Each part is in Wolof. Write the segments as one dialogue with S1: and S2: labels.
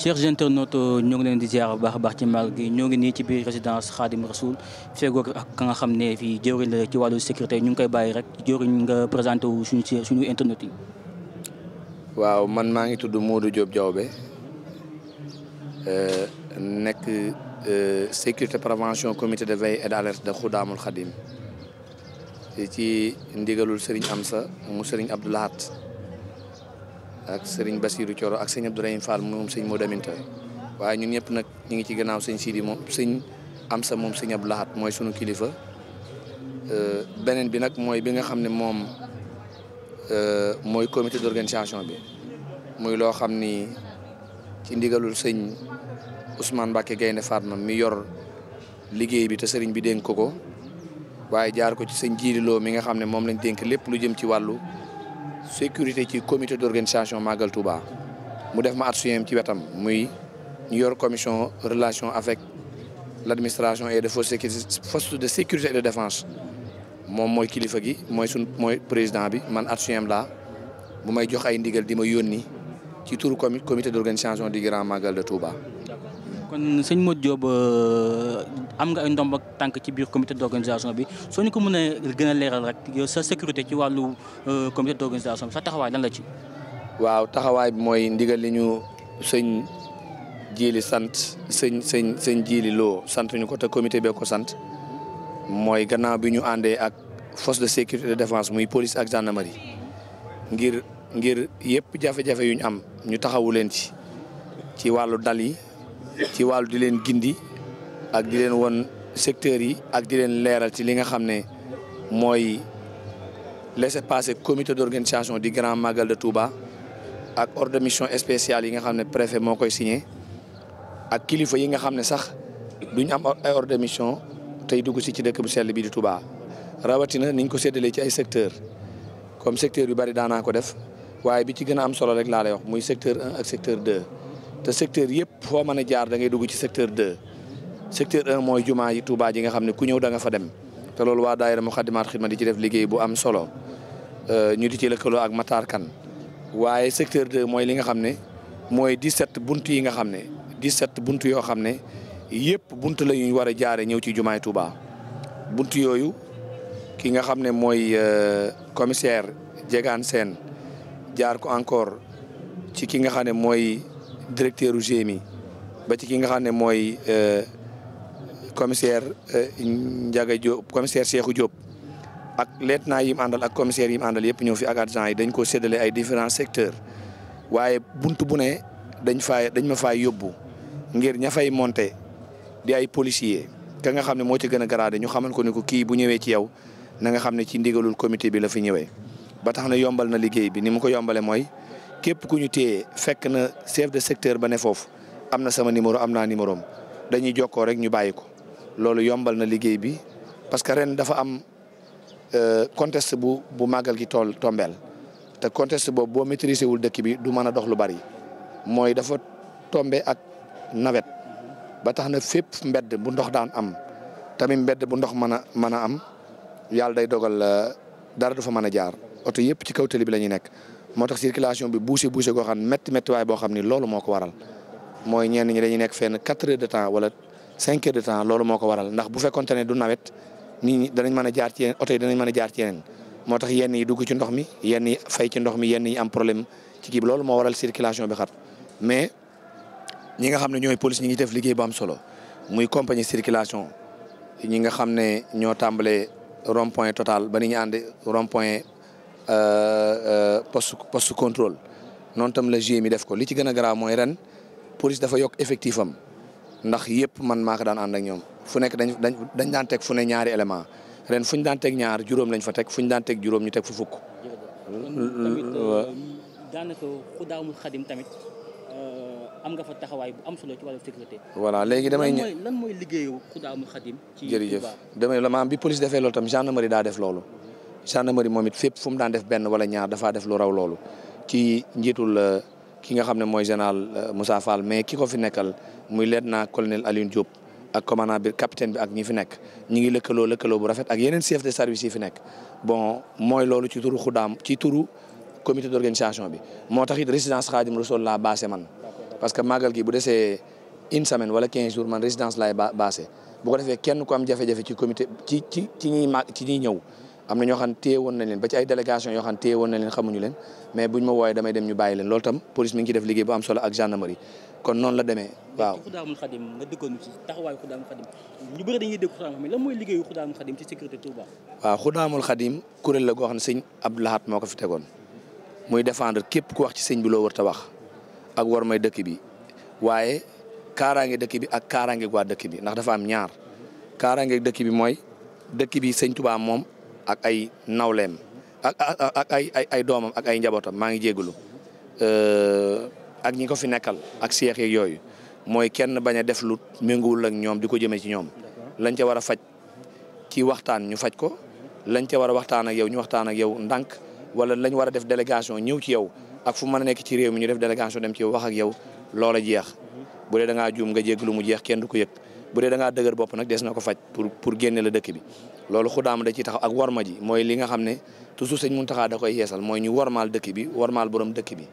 S1: chers internautes ñoo ngi leen di ziar a baax a baax ci mag gi ñoo ngi nii ci biir résidence Khadim Rasoul feegoog ak ka nga xam ne fii jëwriñ la ci wàllu sécurité ñu ngi koy bàyyi rek jëwriñ nga présenté wu suñu suñu internet yi.
S2: waaw man maa ngi tudd Modou Diop Diawbe euh, nekk euh, sécurité prévention commité de veille et d'alerte de Khoudamoul Khadim ci ndigalul Serigne Amsa mu Serigne Abdoulahat ak sëriñ Basirou Thioro ak sëñ Abdourahim Fall moom sëñ Modou Aminta waaye ñun ñëpp nag ñu ngi ci gannaaw sëñ Sidi moom sëñ Amsa moom sëñ Abdou Lahat mooy sunu kilifa euh, beneen bi nag mooy bi nga xam ne moom euh, mooy comité d'organisation bi muy loo xam ni ci ndigalul sëñ Ousmane Mbacké Gaynde Fatma mi yor liggéey bi te sëriñ bi dénk ko waaye jaar ko ci sëñ Jiili Lo nga xam ne moom lañ dénk lépp lu jëm ci wàllu sécurité ci commité d'organisation Magal Touba mu def ma at suyem ci wetam muy ñu yor commission relation avec l'administration et de force de sécurité et de défence moom mooy kilifa gi mooy sun mooy président bi man at suyem laa bu may jox ay ndigal di ma yónni ci turu comité d'organisation du Grand màggal de Touba
S1: kon sëñ Modou Diop euh, am nga ay ndomb ak tànk ci biir comité d'organisation bi soo ñu ko mënee gën a leeral rek sa sécurité ci wàllu euh, comité d'organisation bi sa taxawaay lan ci.
S2: waaw taxawaay bi mooy ndigal li ñu sëñ jiili sant sëñ sëñ sëñ jiili loo sant ñu ko te comité bee sant mooy gannaaw bi ñu àndee ak force de sécurité de défense muy police ak gendarmerie ngir ngir yëpp jafe-jafe yu ñu am ñu taxawu ci ci wàllu dal yi. ci wàllu di leen gindi ak di leen won secteurs yi ak di leen leeral ci li nga xam ne mooy laissez-passer comité d'organisation du Grand Magal de Touba ak ordre de yi nga xam ne préfet moo koy signé ak kilifa yi nga xam ne sax duñ am ay mission tey dugg si ci dëkk bu sell bi di Touba. rawatina niñ ko séddalee ci ay secteur comme secteur yu bari daanaa ko def waaye bi ci gën a am solo rek laa la wax muy secteur en ak secteur 2. te secteur yëpp foo mën a jaar da ngay dugg ci secteur de secteur mooy jumaa yi Touba ji nga xam ne ku ñëw da nga fa dem te loolu waa daayira Muxaddamatul ma di ci def liggéey bu am solo euh, ñu di ci lëkkaloo ak Matar Kan waaye secteur de mooy li nga xam ne mooy di set bunt yi nga xam ne 17 bunt yoo xam ne yëpp bunt la ñuy war a jaare ñëw ci jumaay Touba bunt yooyu ki nga xam ne mooy euh, commissaire Diegane Sène jaar ko encore ci ki nga xam ne mooy directeur u mi ba ci ki nga xam ne mooy euh, commissaire euh, Ndiaga Diop commissaire Cheikhou Diop ak lieutenant yi mu àndal ak commissaire yi àndal yëpp ñëw fi ak agents yi dañ ko séddale ay différents secteurs waaye bunt bu ne dañ faa dañ ma faa yóbbu ngir ña fay monter di ay policier ka nga xam ne moo ci gën a garaade ñu xamal ko ni ko kii bu ñëwee ci yow na nga xam ne ci ndigalul comité bi la fi ñëwee ba tax na yombal na liggéey bi ni mu ko yombalee mooy. képp ku ñu téye fekk na chef de secteur ba ne foofu am na sama numéro am naa numéro am dañuy jokkoo rek ñu bàyyi ko loolu yombal na liggéey bi parce que ren dafa am euh, contexte bu bu màggal gi tool tombeel te contexte boobu boo maîtriser wul dëkk bi du mën a dox lu bari mooy dafa tombe ak nawet ba tax na fépp mbedd bu ndox daan am tamit mbedd bu ndox mën a mën a am yàlla day dogal euh, dara dafa fa mën a jaar oto yëpp ci kaw tali bi la ñuy nekk. moo tax circulation bi bouché bouché goo xam ne métti métti waay boo xam ni loolu moo ko waral mooy ñenn ñi dañuy nekk fenn quatre heures de temps wala cinq de temps loolu moo ko waral ndax bu fekkonte ne du nawet ni ñi danañ mën a jaar ci yeneen oto yi a jaar ci moo tax yenn yi dugg ci ndox mi yenn yi fay ci ndox mi yenn yi am problème ci kii loolu moo waral circulation bi xat mais ñi nga xam ne ñooy police ñi ngi def liggéey bu am solo muy compagnie circulation ñi nga xam ne ñoo tàmbalee rond point total ba ni ñu ànd rond Euh, euh, poste post contrôle noonu tam la GIE mi def ko li ci gën a garaaw mooy ren police dafa yokk effectif ndax yëpp man maa ko daan ànd ak ñoom fu nekk dañ dañ dañ daan teg fu ne ñaari élément ren fu ñu daan teg ñaar juróom lañ fa teg fu ñu daan teg juróom ñu teg fu
S1: fukk. Euh, daanaka ku daaw mu xadim tamit am nga fa taxawaay bu am solo ci wàllu sécurité. léegi damay lan lan mooy liggéeyu ku daaw mu xadim. ci jërëjëf
S2: damay la maam bi police defee loolu tam gendarmerie daa def loolu. gendarmerie moom it fépp fu mu daan def benn wala ñaar dafaa def lu raw loolu ci njiitul euh, ki nga xam ne mooy général euh, Moussa Fall mais ki ko fi nekkal muy lieutenant colonel Alioune Diop ak commandant bi bi ak ñi fi nekk ñi ngi lëkkaloo lëkkaloo bu rafet ak yeneen chef de service yi fi nekk bon mooy loolu ci turu xudaam ci turu comité d'organisation bi moo tax it résidence Khadim Rassoul laa baase man parce que màggal gi bu desee une semaine wala quinze jours man résidence laay baase bu defee kenn ku am jafe ci comité ci ci ci ñiy ma ci ñiy ñëw am na ñoo xam téye woon nañ leen ba ci ay délégation yoo xam téye woon nañ leen xamuñu leen mais buñ ma wooyee damay dem ñu bàyyi leen loolu tam police mi def liggéey bu am solo ak gendarmerie kon noonu la demee waaw
S1: Xuddaamul Xadim nga dëkkoon ci taxawaayu Xuddaamul Xadim ñu bëri dañuy dégg Xuddaamul Xadim lan mooy liggéeyu
S2: Xuddaamul Xadim kuréel la goo xam ne sëñ Abdou Lahat moo ko fi tegoon muy defendre képp ku wax ci sëñ bi loo war ta wax ak war may dëkk bi waaye kaaraange dëkk bi ak kaaraange waa dëkk bi ndax dafa am ñaar kaaraange dëkk bi mooy dëkk bi sëñ Touba moom ak ay nawleem ak ak ay ay doomam ak ay njabootam maa ngi jégalu ak ñi ko fi nekkal ak seex yeeg yooyu mooy kenn bañ a def lu méngoowul ak ñoom di ko jëmee ci ñoom lañ ca war a faj ci waxtaan ñu faj ko lañ ca war a waxtaan ak yow ñu waxtaan ak yow ndànk wala lañ war a def délégation ñëw ci yow ak fu mën a nekk ci réew mi ñu def délégation dem ci wax ak yow loola jeex bu dee da ngaa juum nga jégalu mu jeex kenn du ko yëg bu dee da dëgër bopp nag des na ko faj pour pour génne la dëkk bi loolu xudaam da ciy taxaw ak warma ji mooy li nga xam ne toujours mun Muntaxa da koy yeesal mooy ñu warmaal dëkk bi warmaal borom dëkk bi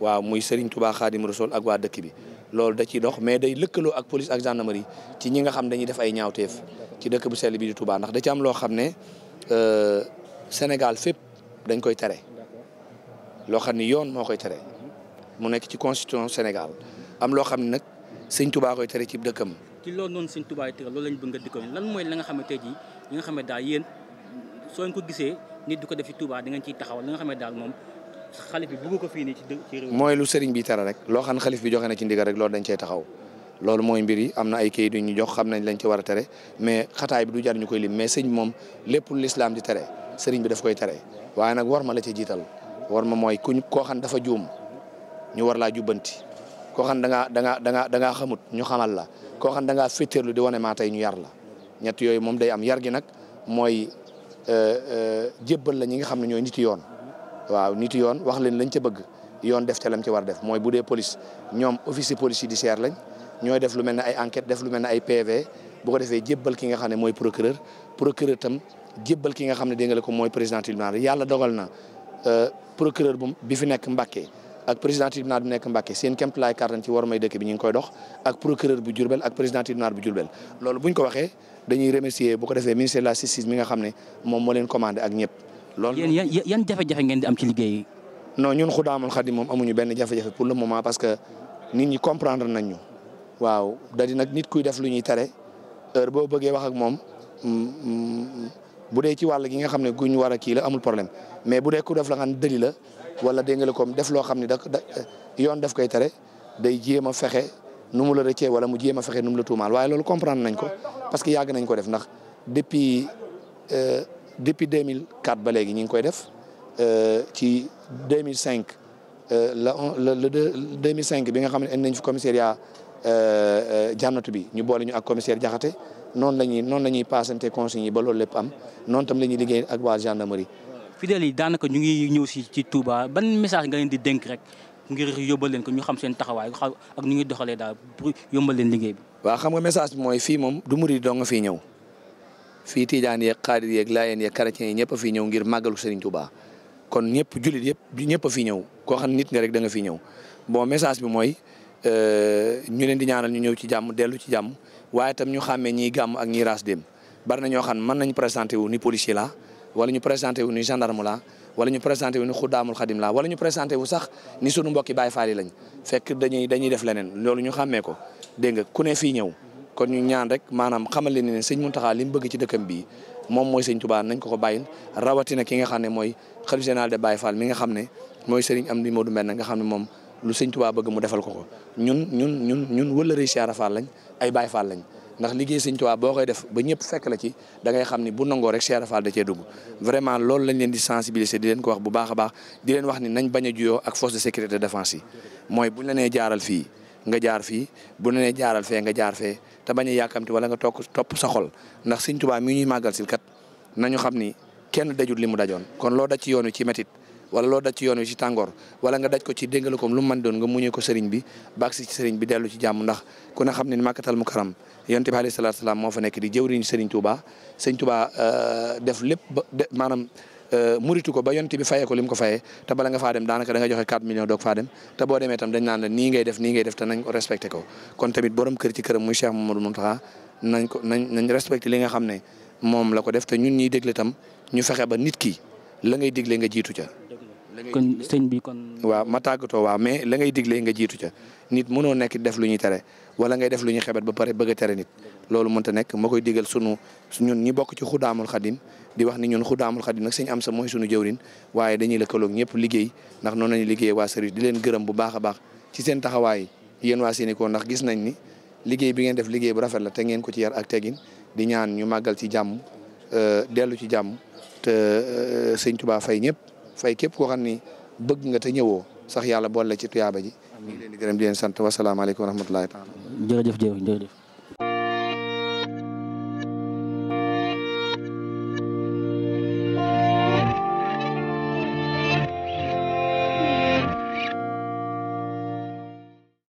S2: waaw muy Serigne Touba Khadim Rasoul ak waa dëkk bi loolu da ciy dox mais day lëkkaloo ak police ak gendarmerie ci ñi nga xam dañuy def ay ñaawteef ci dëkk bu sell bi di Touba ndax da ci am loo xam ne euh, Sénégal fépp dañ koy tere loo xam ni yoon moo koy tere mu nekk ci constitution Sénégal am loo xam ne nag sëñ Touba koy tere ci dëkkam.
S1: ci loolu noonu sëñ Touba tere loolu lañ bëgg nga dëkkam lan mooy la nga xamante ji li nga xam ne daal yéen soo ko gisee nit du ko def ci Touba da ciy taxaw la nga xam ne daal moom xalif bi bëgg ko fii nii mooy lu
S2: sëriñ bi tere rek loo xam xalif bi joxe na ci ndigal rek loolu dañ cey taxaw loolu mooy mbir yi am na ay kayit yu ñu jox xam nañ lañ ci war a tere mais xataay bi du jar ñu koy lim mais sëñ moom lépp lislaam di tere sëriñ bi daf koy tere waaye nag war ma la ca jiital war ma mooy kuñ koo xam dafa juum ñu war laa jubbanti koo xam da ngaa da ngaa da ngaa xamut ñu xamal la koo xam da ngaa féeteerlu di wane tey ñu yar la ñett yooyu moom day am yar nag mooy euh, euh, jébbal la ñi nga xam ne ñooy niti yoon waaw niti yoon wax leen lañ ci bëgg yoon def ca lam ci war def mooy bu dee police ñoom officier police judiciaire lañ ñooy def lu mel ne ay enquête def lu mel ne ay PV bu ko defee jébbal ki nga xam ne mooy procureur procureur tam jébbal ki nga xam ne dégg nga la ko mooy président tribunal yàlla dogal na euh, procureur bu bi fi nekk Mbàkke ak président tribunal bi nekk Mbàkke seen kéemtulaay kàttan ci war may dëkk bi ñu ngi koy dox ak procureur bu Diourbel ak président tribunal bu Diourbel loolu bu ko waxee dañuy remercier bu ko defee ministère de la justice mi nga xam ne moom moo leen commandé ak ñëpp. loolu
S1: yéen yan jafe-jafe ngeen di am ci liggéey non ñun
S2: Xudamul Xadim moom amuñu benn jafe-jafe pour le moment parce que nit ñi comprendre nañ waaw da di nag nit kuy def lu ñuy tere bu dee ci wàll gi nga xam ne guñ war a kii la amul problème mais bu dee ku def la nga dëli la wala dégg nga la comme def loo xam ne da eh, yoon daf koy tere day jéem a fexe nu mu la rëccee wala mu jéem a fexe nu mu la tuumaal waaye loolu comprendre nañ ko parce que yàgg nañ ko def ndax depuis eh, mille 2004 ba léegi ñu ngi koy def eh, ci 2005 la on le le 2005 bi nga xam ne indi nañ fi commissariat jànnatu bi ñu boole ñu ak commissaire Jaxate noonu la ñuy noonu la ñuy paasante consignes yi ba loolu lépp am noonu tam la liggéey ak waa gendarmerie.
S1: fidèles yi daanaka ñu ngi ñëw si ci Touba ban message nga leen di dénk rek ngir yóbbal leen ko ñu xam seen taxawaay ak ñu ngi doxalee daal pour yombal leen liggéey bi. waa xam nga message bi mooy fii moom. du murid doo nga fii
S2: ñëw fii Tidiane yeeg Xaadir yeeg Laayeen yeeg chrétien yi ñëpp a fi ñëw ngir màggalu Serigne Touba kon ñëpp jullit yëpp ñëpp a fi ñëw koo xam nit nga rek da nga ñëw bon message bi mooy euh, ñu leen di ñaanal ñu ñëw ci jàmm dellu ci jàmm waaye tam ñu xàmmee ñiy gàmm ak ñiy raas dem na ñoo xam mën nañ présenté wu ni policier la wala ñu présenté wu ni gendarme la wala ñu présenté wu ni xuddaamul xadim wala ñu présenté wu sax ni sunu mbokki Baay Faal yi lañ fekk dañuy dañuy def leneen loolu ñu xàmmee ko dégg nga ku ne fii ñëw kon ñu ñaan rek maanaam xamal leen ne sëñ Muntaxa li mu bëgg ci dëkkam bii moom mooy sëñ Tuubaa nañ ko ko bàyyil rawatina ki nga xam ne mooy xalifa général de Baay Faal mi nga xam ne mooy sëriñ Amdi Moodu Mbend nga xam ne moom lu sëñ bëgg mu defal ko ko ñun ñun ñun ñun wëllëre Cheikh Fall lañ ay Baay Fall lañ ndax liggéey sëñ Tuubaa boo koy def ba ñëpp fekk la ci da ngay xam ni bu nangoo rek Cheikh Fall da cee dugg vraiment loolu lañ leen di sensibiliser di leen ko wax bu baax a baax di leen wax ni nañ baña a ak force de sécurité de défense yi mooy bu la jaaral fii nga jaar fii bu la nee jaaral fee nga jaar fee te bañ a yàkkamti wala nga toog topp sa xol ndax sëñ Tuubaa mi ñuy màggal si kat nañu xam ni kenn dajul li mu dajoon kon loo daj ci yoon ci métit wala loo daj ci yoon wi ci tàngoor wala nga daj ko ci déngale ko lu mu doon nga muñee ko sëriñ bi baag si ci sëriñ bi dellu ci jàmm ndax ku ne xam ne ni màkkatal mu karam yonte bi alayhi salaatu salaam moo fa nekk di jëwriñ sëriñ Touba sëriñ Touba euh, def lépp ba maanaam euh, muritu ko ba yonte bi fayee ko li mu ko fayee te bala nga fa dem daanaka danga joxe 4 millions doog faa dem te boo demee tam dañ naan la nii ngay def ni ngay def te nañ ko respecté ko kon tamit borom kër ci këram muy Cheikh Mamadou Mountakha nañ ko nañ nañ respecté li nga xam ne moom la ko def te ñun ñiy dégle tam ñu fexe ba nit ki la ngay digle nga jiitu ca
S1: kon sëñ bi kon.
S2: waaw ma tàggatoo waaw mais la ngay diglee nga jiitu ca nit mënoo nekk def lu ñuy tere wala ngay def lu ñuy xebet ba pare bëgg a tere nit loolu mënta nekk ma koy digal sunu ñun ñi bokk ci xudaamul xadim di wax ni ñun xudaamul xadim nag sëñ am sa mooy sunu jëwrin waaye dañuy lëkkaloog ñëpp liggéey ndax noonu lañuy liggéey waa service di leen gërëm bu baax a baax seen taxawaay yéen waa Sénégal ndax gis nañ ni liggéey bi ngeen def liggéey bu rafet la te ngeen ko ci yar ak tegin di ñaan ñu màggal ci jàmm euh, dellu ci jàmm te euh, sëñ tubaa fay ñëpp fay képp koo xam ni bëgg nga te ñëwoo sax yàlla boole ci tuyaaba ji. amiin ñu ngi leen di gërëm di leen sant
S1: wasalaamaaleykum wa rahmatulahi taala. jërëjëf jërëjëf.